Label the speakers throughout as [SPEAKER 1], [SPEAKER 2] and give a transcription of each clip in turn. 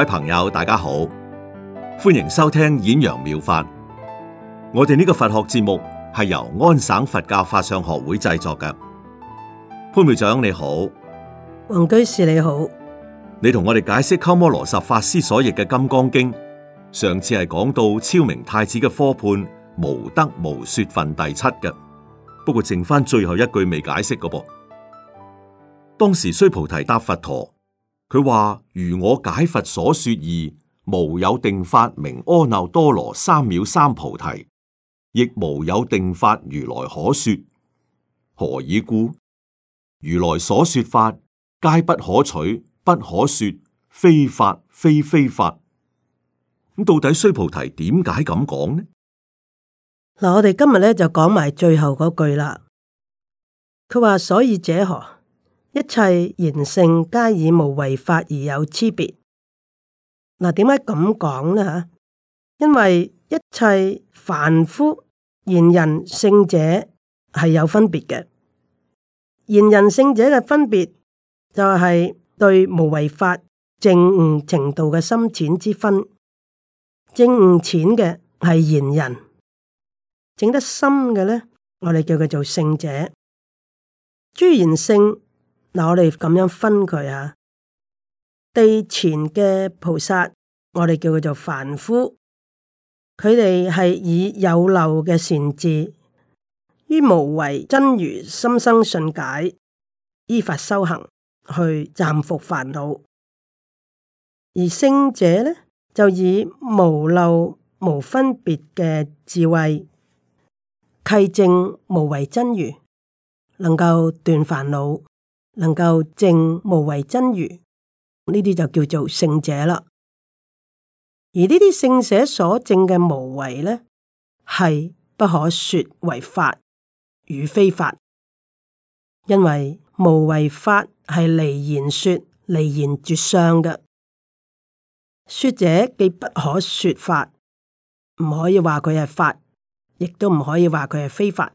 [SPEAKER 1] 各位朋友，大家好，歡迎收聽演揚妙，妙法。我哋呢個佛學節目係由安省佛教法相學會製作嘅。潘秘書長你好，
[SPEAKER 2] 黃居士你好，
[SPEAKER 1] 你同我哋解釋鳩摩羅什法師所譯嘅《金剛經》，上次係講到超明太子嘅科判無得無說分第七嘅，不過剩返最後一句未解釋個噃。當時須菩提答佛陀。佢話如我解佛所說，義，無有定法名阿耨多羅三藐三菩提，亦無有定法如來可說。何以故？如來所說法皆不可取，不可說，非法，非非法。咁到底須菩提點解咁講呢？
[SPEAKER 2] 嗱，我哋今日咧就講埋最後嗰句啦。佢話所以者何？一切賢聖皆以無為法而有差別。嗱、啊，點解咁講呢？吓，因為一切凡夫賢人、聖者係有分別嘅。賢人、聖者嘅分別就係對無為法證悟程度嘅深淺之分。證悟淺嘅係賢人，證得深嘅咧，我哋叫佢做聖者。諸賢聖。嗱，我哋咁樣分佢吓，地前嘅菩薩，我哋叫佢做凡夫，佢哋係以有漏嘅善智，於無為真如心生信解，依法修行去暫伏煩惱；而聖者呢，就以無漏無分別嘅智慧，契證無為真如，能夠斷煩惱。能夠證無為真如，呢啲就叫做聖者啦。而呢啲聖者所證嘅無為咧，係不可說為法與非法，因為無為法係離言說、離言絕相嘅。說者既不可說法，唔可以話佢係法，亦都唔可以話佢係非法，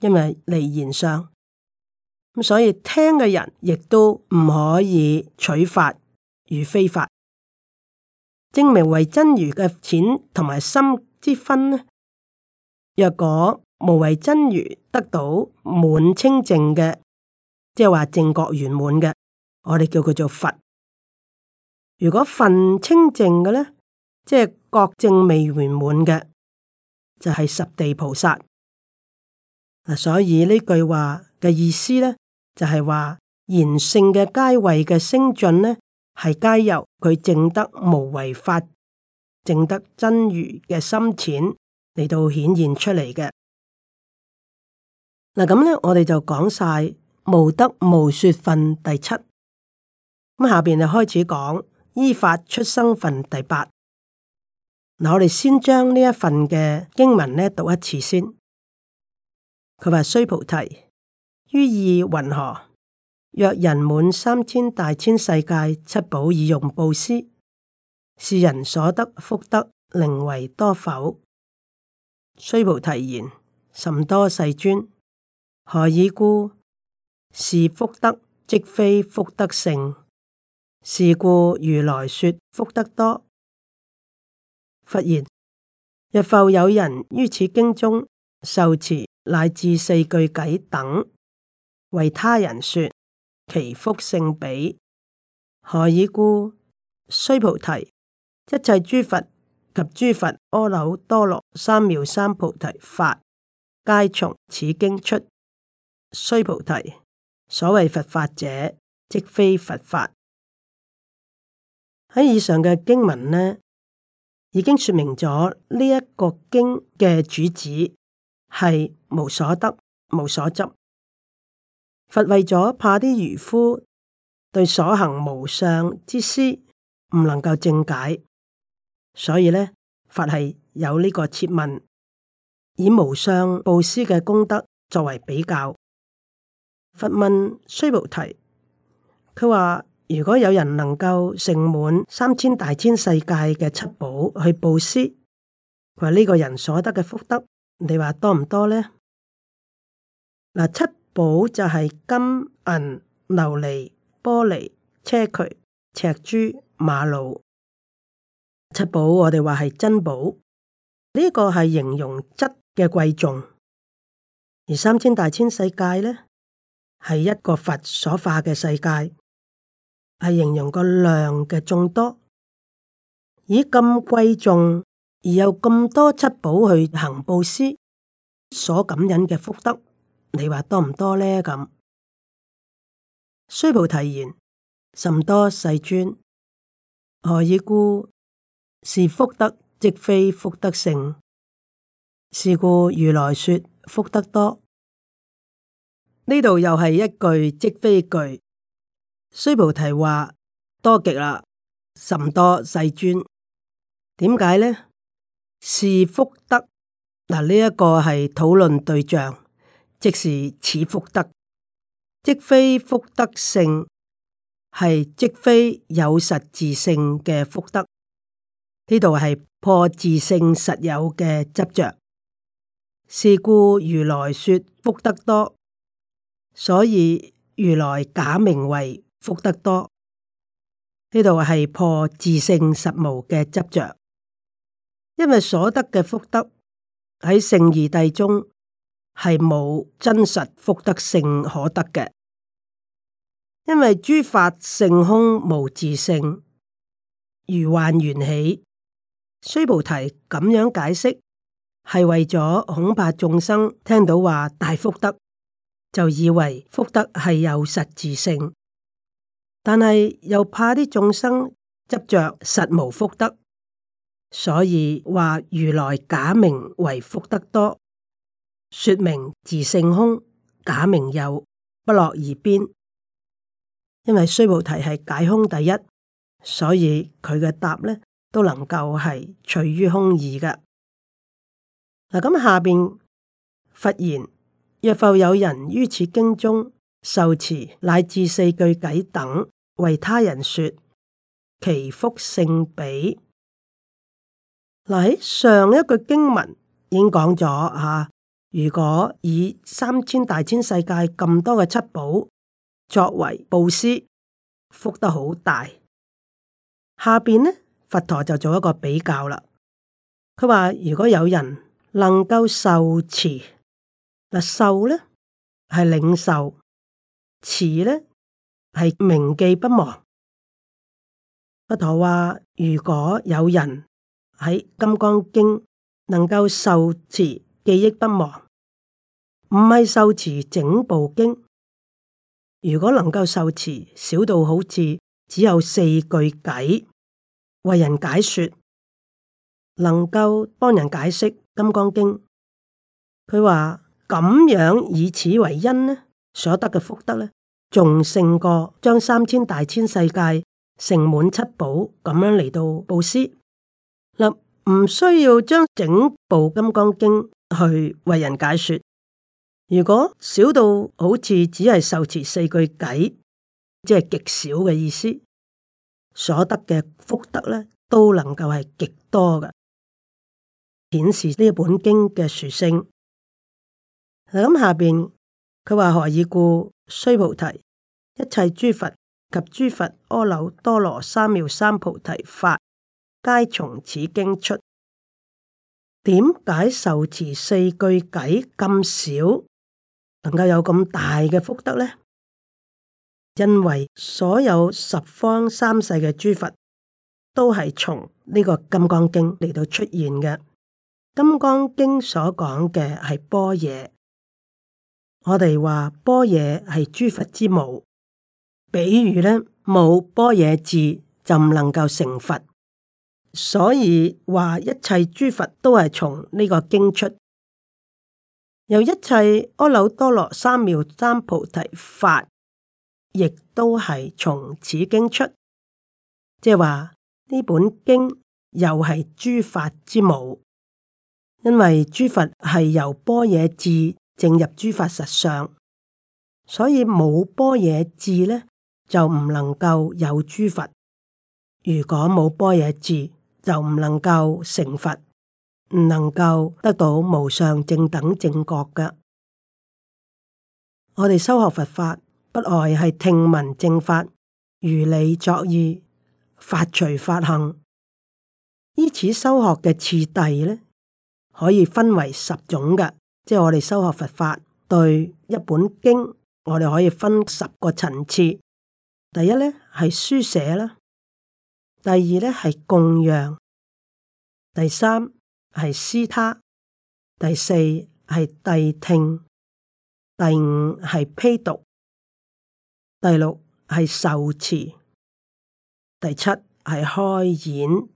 [SPEAKER 2] 因為離言相。所以聽嘅人亦都唔可以取法如非法，證明為真如嘅淺同埋心之分呢？若果無為真如得到滿清淨嘅，即係話正覺圓滿嘅，我哋叫佢做佛；如果份清淨嘅咧，即係覺正未圓滿嘅，就係、是、十地菩薩。嗱，所以呢句話嘅意思咧，就係話，賢聖嘅階位嘅升進呢，係皆由佢證得無為法、證得真如嘅深淺嚟到顯現出嚟嘅。嗱咁呢，我哋就講晒無得無說分第七，咁下邊就開始講依法出生分第八。嗱，我哋先將呢一份嘅經文呢讀一次先。佢話須菩提，於意云何？若人滿三千大千世界七寶以用布施，是人所得福德寧為多否？須菩提言：甚多世尊。何以故？是福德即非福德性，是故如來說福德多。佛言：若復有人於此經中受持乃至四句偈等。為他人說，其福勝彼。何以故？須菩提，一切諸佛及諸佛阿耨多羅三藐三菩提法，皆從此經出。須菩提，所謂佛法者，即非佛法。喺以上嘅經文呢，已經說明咗呢一個經嘅主旨係無所得、無所執。佛為咗怕啲愚夫對所行無相之施唔能夠正解，所以咧，佛係有呢個設問，以無相布施嘅功德作為比較。佛問須菩提，佢話如果有人能夠盛滿三千大千世界嘅七寶去布施，佢話呢個人所得嘅福德，你話多唔多咧？嗱七。寶就係金銀琉璃玻璃車渠、赤珠瑪瑙。七寶，我哋話係珍寶。呢個係形容質嘅貴重，而三千大千世界呢，係一個佛所化嘅世界，係形容個量嘅眾多。以咁貴重而有咁多七寶去行布施，所感應嘅福德，你話多唔多咧？咁須菩提言：甚多世尊。何以故？是福德即非福德性，是故如來說福德多。呢度又係一句即非句。須菩提話多極啦，甚多世尊。點解呢？是福德嗱，呢一個係討論對象。即是此福德，即非福德性，係即非有實自性嘅福德。呢度係破自性實有嘅執着。是故如來說福德多，所以如來假名為福德多。呢度係破自性實無嘅執着，因為所得嘅福德喺聖義諦中，係冇真實福德性可得嘅，因為諸法性空無自性，如幻緣起。須菩提咁樣解釋係為咗恐怕眾生聽到話大福德就以為福德係有實質性，但係又怕啲眾生執着實無福德，所以話如來假名為福德多。說明自性空假名，又不落二邊，因為須菩提係解空第一，所以佢嘅答呢都能夠係隨於空義嘅。嗱，咁下邊佛言：「若否有人於此經中受持乃至四句偈等為他人說其福勝彼。嗱喺上一句經文已經講咗啊。如果以三千大千世界咁多嘅七寶作為布施，福德好大。下邊呢，佛陀就做一個比較啦。佢話如果有人能夠受持，嗱，受呢係領受，持呢係銘記不忘。佛陀話如果有人喺《金剛經》能夠受持，記憶不忘。唔係受持整部經，如果能夠受持少到好似只有四句偈，為人解說，能夠幫人解釋《金剛經》，佢話咁樣以此為因呢，所得嘅福德呢，仲勝過將三千大千世界盛滿七寶咁樣嚟到布施。嗱，唔需要將整部《金剛經》去為人解說。如果少到好似只係受持四句偈，即係極少嘅意思，所得嘅福德咧都能夠係極多嘅，顯示呢一本經嘅殊勝。咁、嗯、下邊佢話何以故？須菩提，一切諸佛及諸佛阿耨多羅三藐三菩提法，皆從此經出。點解受持四句偈咁少？能夠有咁大嘅福德呢？因為所有十方三世嘅諸佛都係從呢個金剛經嚟到出現嘅。金剛經所講嘅係般若，我哋話般若係諸佛之母。比如呢，冇般若智就唔能夠成佛，所以話一切諸佛都係從呢個經出。由一切阿耨多羅三藐三菩提法，亦都係從此經出，即係話呢本經又係諸佛之母，因為諸佛係由般若智證入諸法實相，所以冇般若智呢，就唔能夠有諸佛。如果冇般若智，就唔能夠成佛。唔能夠得到無上正等正覺嘅，我哋修學佛法不外係聽聞正法，如理作意，法隨法行。依此修學嘅次第呢，可以分為十種嘅，即係我哋修學佛法對一本經，我哋可以分十個層次。第一呢係書寫啦，第二呢係供養，第三。係施他，第四係諦聽，第五係披讀，第六係受持，第七係開演，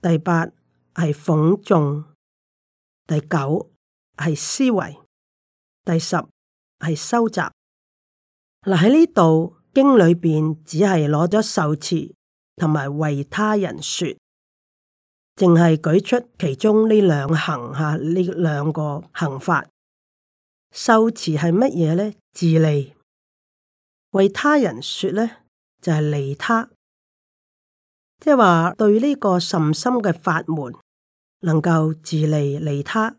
[SPEAKER 2] 第八係諷誦，第九係思維，第十係收集。嗱喺呢度經裏邊只係攞咗受持同埋為他人說。淨係舉出其中呢兩行吓，呢兩個行法，修持係乜嘢呢？「自利」為他人說呢，就係利他。即係話對呢個甚深嘅法門，能夠自利利他，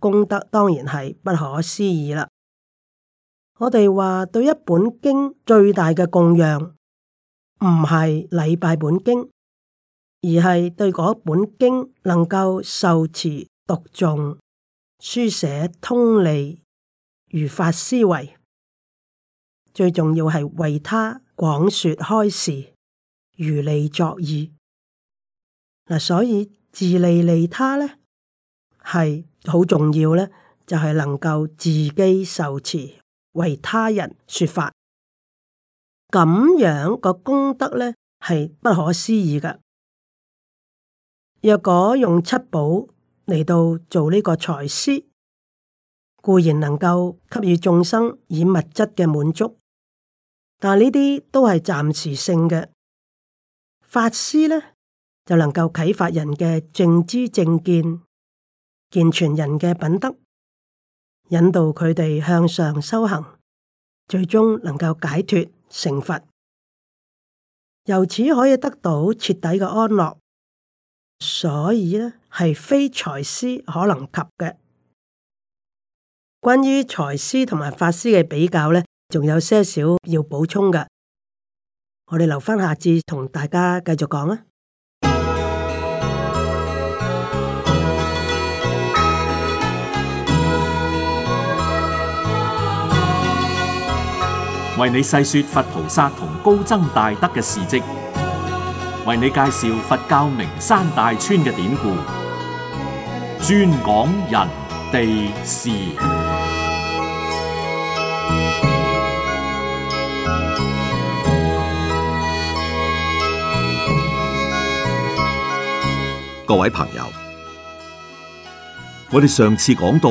[SPEAKER 2] 功德當然係不可思議啦。我哋話對一本經最大嘅供養，唔係禮拜本經。而係對嗰本經能夠受持讀誦書寫通利如法思維，最重要係為他講說開示如理作意。嗱、啊，所以自利利他咧係好重要咧，就係、是、能夠自己受持為他人說法，咁樣個功德咧係不可思議噶。若果用七寶嚟到做呢個財施，固然能夠給予眾生以物質嘅滿足，但呢啲都係暫時性嘅。法施咧就能夠啟發人嘅正知正見，健全人嘅品德，引導佢哋向上修行，最終能夠解脱成佛，由此可以得到徹底嘅安樂。所以咧，係非財師可能及嘅。關於財師同埋法師嘅比較咧，仲有些少要補充嘅。我哋留返下節同大家繼續講啊！
[SPEAKER 1] 為你細說佛菩薩同高僧大德嘅事跡。為你介紹佛教名山大川嘅典故，專講人地事。各位朋友，我哋上次講到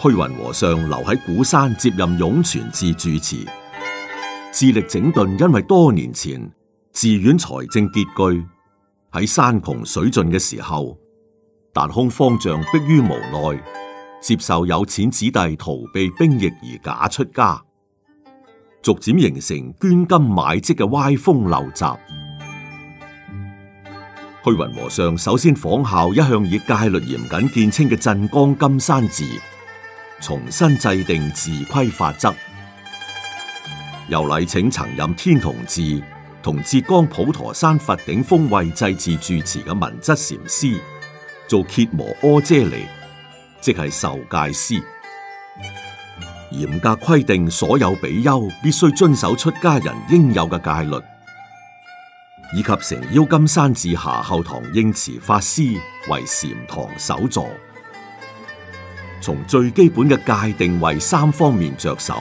[SPEAKER 1] 虛雲和尚留喺鼓山接任湧泉寺住持，致力整頓，因為多年前，寺院財政拮據，喺山窮水盡嘅時候，達空方丈迫於無奈，接受有錢子弟逃避兵役而假出家，逐漸形成捐金買職嘅歪風陋習。虛雲和尚首先仿效一向以戒律嚴謹見稱嘅鎮江金山寺，重新制定自規法則，又禮請曾任天童寺，同浙江普陀山佛頂峰位祭祀住持嘅文質禪師做羯磨阿闍黎，即係受戒師，嚴格規定所有比丘必須遵守出家人應有嘅戒律，以及誠邀金山寺下後堂應慈法師為禪堂首座，從最基本嘅戒定慧三方面着手。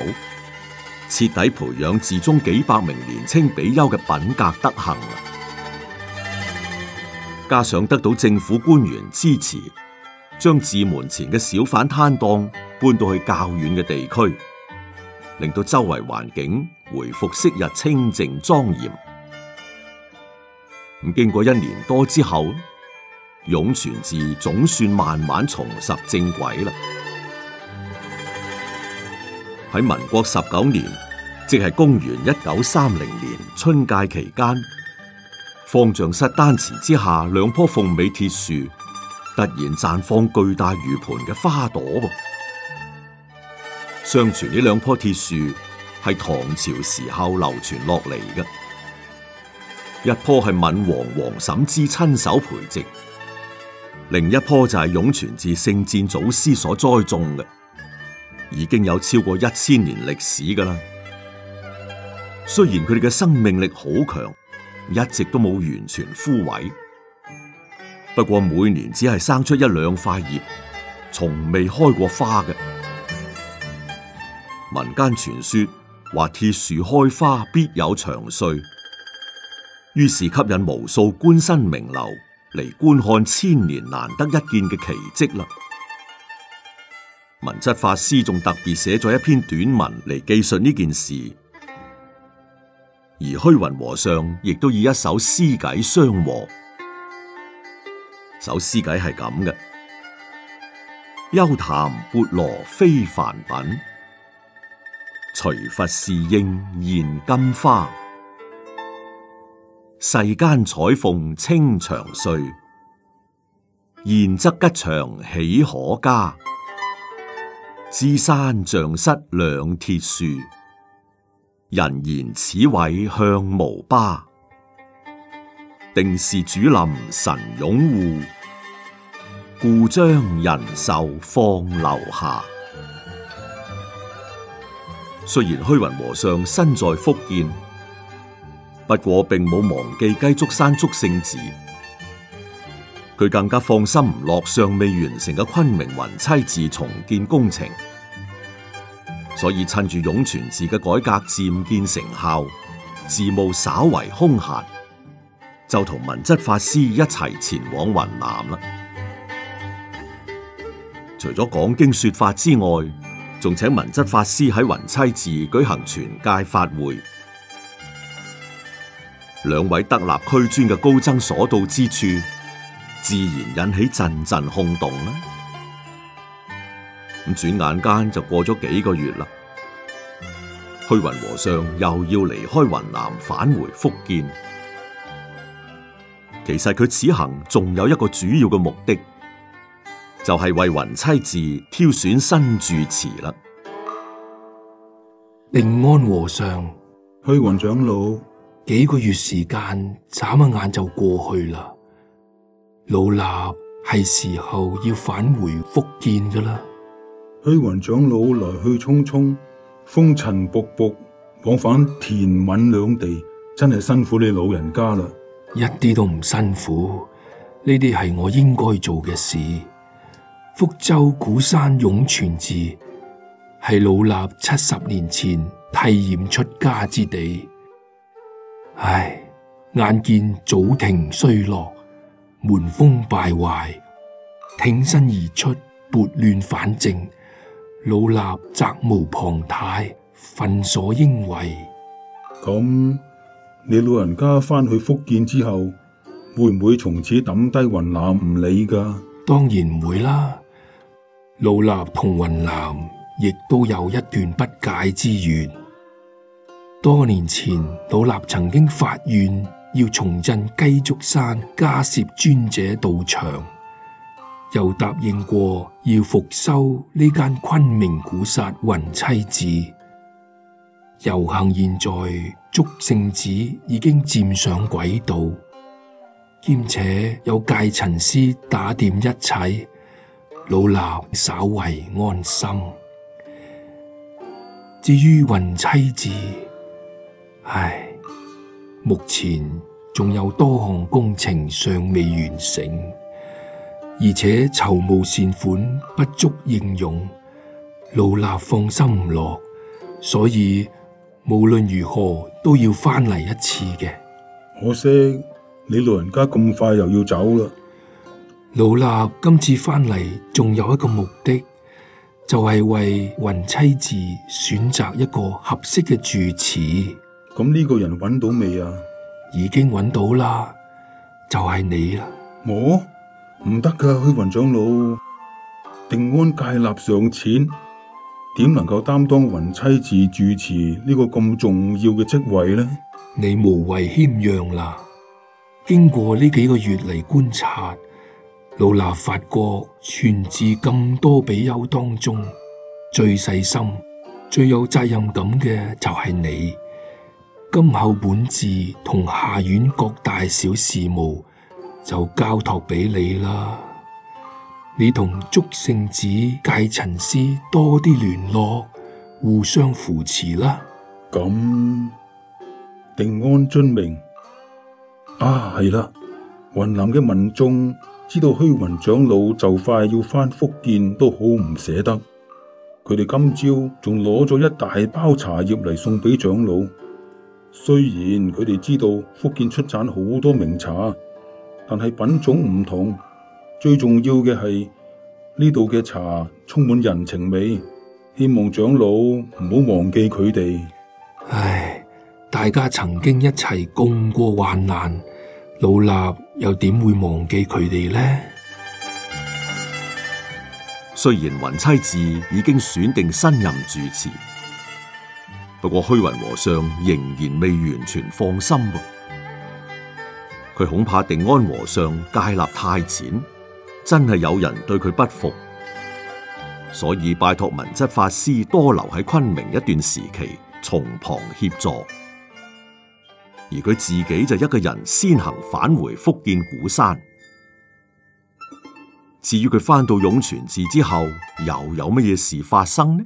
[SPEAKER 1] 徹底培養寺中幾百名年青比丘嘅品格德行，加上得到政府官員支持，將寺門前嘅小販攤檔搬到去較遠嘅地區，令到周圍環境回復昔日清淨莊嚴。咁經過一年多之後，湧泉寺總算慢慢重拾正軌啦。喺民國十九年，即係公元一九三零年春戒期間，方丈室丹墀之下兩棵鳳尾鐵樹突然綻放巨大如盤嘅花朵噃。相傳呢兩棵鐵樹係唐朝時候流傳落嚟嘅，一棵係閩王王審知親手培植，另一棵就係湧泉寺聖戰祖師所栽種嘅。已經有超過一千年歷史噶啦，雖然佢哋嘅生命力好強，一直都冇完全枯萎，不過每年只係生出一兩塊葉，從未開過花嘅。民間傳說話鐵樹開花必有祥瑞，於是吸引無數官紳名流嚟觀看千年難得一見嘅奇蹟啦。文質法師仲特別寫咗一篇短文嚟記述呢件事，而虛雲和尚亦都以一首詩偈相和。首詩偈係咁嘅：幽曇缽羅非凡品，隨佛侍應現金花。世間彩鳳清長歲，現則吉祥喜可嘉。芝山象室兩鐵樹，人言此位向無巴，定是主林神擁護，故將人壽放留下。雖然虛雲和尚身在福建，不過並冇忘記雞足山祝聖寺。佢更加放心唔落尚未完成嘅昆明雲棲寺重建工程，所以趁住湧泉寺嘅改革漸見成效，事務稍為空閒，就同文質法師一齊前往雲南啦。除咗講經說法之外，仲請文質法師喺雲棲寺舉行全界法會，兩位德立區尊嘅高僧所到之處，自然引起陣陣轟動啦！咁轉眼間就過咗幾個月啦。虛雲和尚又要離開雲南返回福建，其實佢此行仲有一個主要嘅目的，就係、是、為雲棲寺挑選新住持啦。寧安和尚，
[SPEAKER 3] 虛雲長老，幾個月時間，眨下眼就過去啦。
[SPEAKER 4] 老衲係時候要返回福建噶啦，虛雲長老來去匆匆，風塵僕僕，往返滇閩兩地，真係辛苦你老人家啦！一啲都唔辛苦，
[SPEAKER 3] 呢啲係我應該做嘅事。福州鼓山湧泉寺係老衲七十年前剃染出家之地，唉，眼見祖庭衰落。門風敗壞，挺身而出撥亂反正，
[SPEAKER 4] 老衲責無旁貸，分所應為。咁你老人家翻去福建之後，會唔會從此抌低雲南唔理噶？當然唔會啦。老衲同
[SPEAKER 3] 雲南亦都有一段不解之緣。多年前，老衲曾經發願。要重振雞足山，迦葉尊者道場，又答應過要復修呢間昆明古剎雲棲寺。猶幸現在祝聖寺已經漸上軌道，兼且有戒塵師打點一切，老衲稍為安心。至於雲棲寺，唉。目前仲有多項工程尚未完成，而且籌募善款不足應用，老衲放心唔落，所以無論如何都要翻嚟一次嘅。
[SPEAKER 4] 可惜你老人家咁快又要走
[SPEAKER 3] 啦！老衲今次翻嚟仲有一個目的，就係、是、為雲棲寺選擇一個合適嘅住持。
[SPEAKER 4] 咁呢個人揾到未啊？已經揾到啦，就係你啦。我唔得噶，虛雲長老，定安戒臘尚淺，點能夠擔當雲棲寺住持呢個咁重要嘅職位呢？你無謂謙讓啦。經過呢幾個月嚟
[SPEAKER 3] 觀察，老衲發覺全寺咁多比丘當中，最細心、最有責任感嘅就係你。今後本寺同下院各大小事務，就交託俾你啦，你同祝聖寺、戒塵師
[SPEAKER 4] 多啲聯絡，互相扶持啦。咁定安遵命。啊，係啦，雲南嘅民眾知道虛雲長老就快要返福建，都好唔捨得。佢哋今朝仲攞咗一大包茶葉嚟送俾長老。雖然佢哋知道福建出產好多名茶，但係品種唔同，最重要嘅係呢度嘅茶充滿人情味。希望長老唔好忘記佢哋。
[SPEAKER 3] 唉，大家曾經一齊共過患難，老衲又點會忘
[SPEAKER 1] 記佢哋呢？雖然雲棲寺已經選定新任住持。不過虛雲和尚仍然未完全放心，佢恐怕定安和尚戒律太淺，真係有人對佢不服，所以拜託文質法師多留喺昆明一段時期，從旁協助，而佢自己就一個人先行返回福建鼓山。至於佢翻到湧泉寺之後，又有乜嘢事發生呢？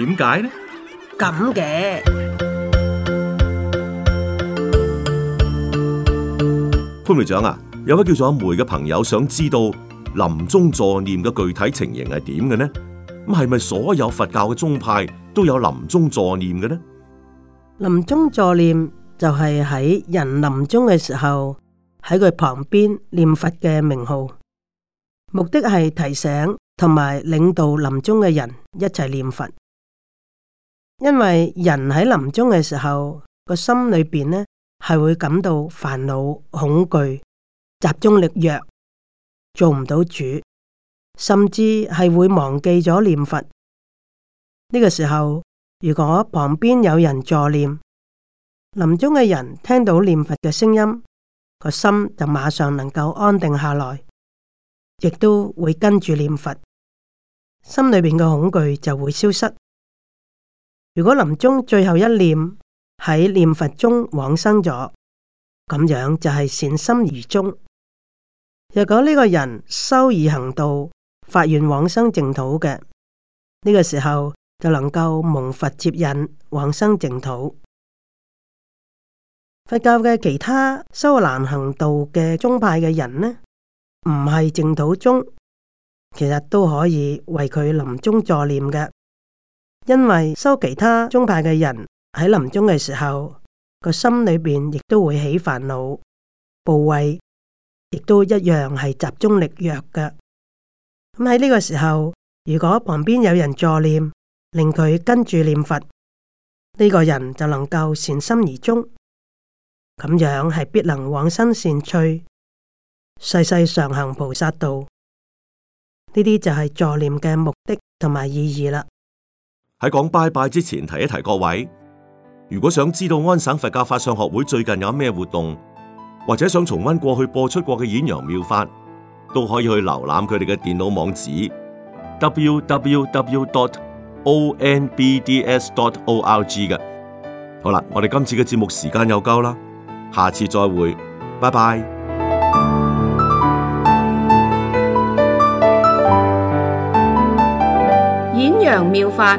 [SPEAKER 1] 點解呢？
[SPEAKER 2] 咁嘅
[SPEAKER 1] 潘會長啊，有位叫做阿梅嘅朋友想知道臨終助念嘅具體情形係點嘅呢？咁係咪所有佛教嘅宗派都有臨終助念嘅呢？
[SPEAKER 2] 臨終助念就係喺人臨終嘅時候，喺佢旁邊念佛嘅名號，目的係提醒同埋領導臨終嘅人一齊念佛。因為人喺臨終嘅時候，個心裏邊呢係會感到煩惱、恐懼，集中力弱，做唔到主，甚至係會忘記咗念佛。呢、這個時候，如果旁邊有人助念，臨終嘅人聽到念佛嘅聲音，個心就馬上能夠安定下來，亦都會跟住念佛，心裏邊嘅恐懼就會消失。如果臨終最後一念喺念佛中往生咗，咁樣就係善心而終；若果呢個人修而行道，發願往生淨土嘅，呢個時候就能夠蒙佛接引往生淨土。佛教嘅其他修難行道嘅宗派嘅人呢，唔係淨土宗，其實都可以為佢臨終助念嘅。因為修其他宗派嘅人喺臨終嘅時候，個心裏邊亦都會起煩惱、怖畏亦都一樣係集中力弱嘅。咁喺呢個時候，如果旁邊有人助念，令佢跟住念佛，呢、呢個人就能夠善心而終，咁樣係必能往生善趣，世世常行菩薩道。呢啲就係助念嘅目的同埋意義啦。
[SPEAKER 1] 喺講拜拜之前，提一提各位。如果想知道安省佛教法相學會最近有咩活動，或者想重溫過去播出過嘅演揚妙法，都可以去瀏覽佢哋嘅電腦網址 www dot onbds dot org 嘅。好啦，我哋今次嘅節目時間又夠啦，下次再會，拜拜。
[SPEAKER 2] 演揚妙法。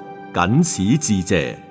[SPEAKER 1] 僅此致謝。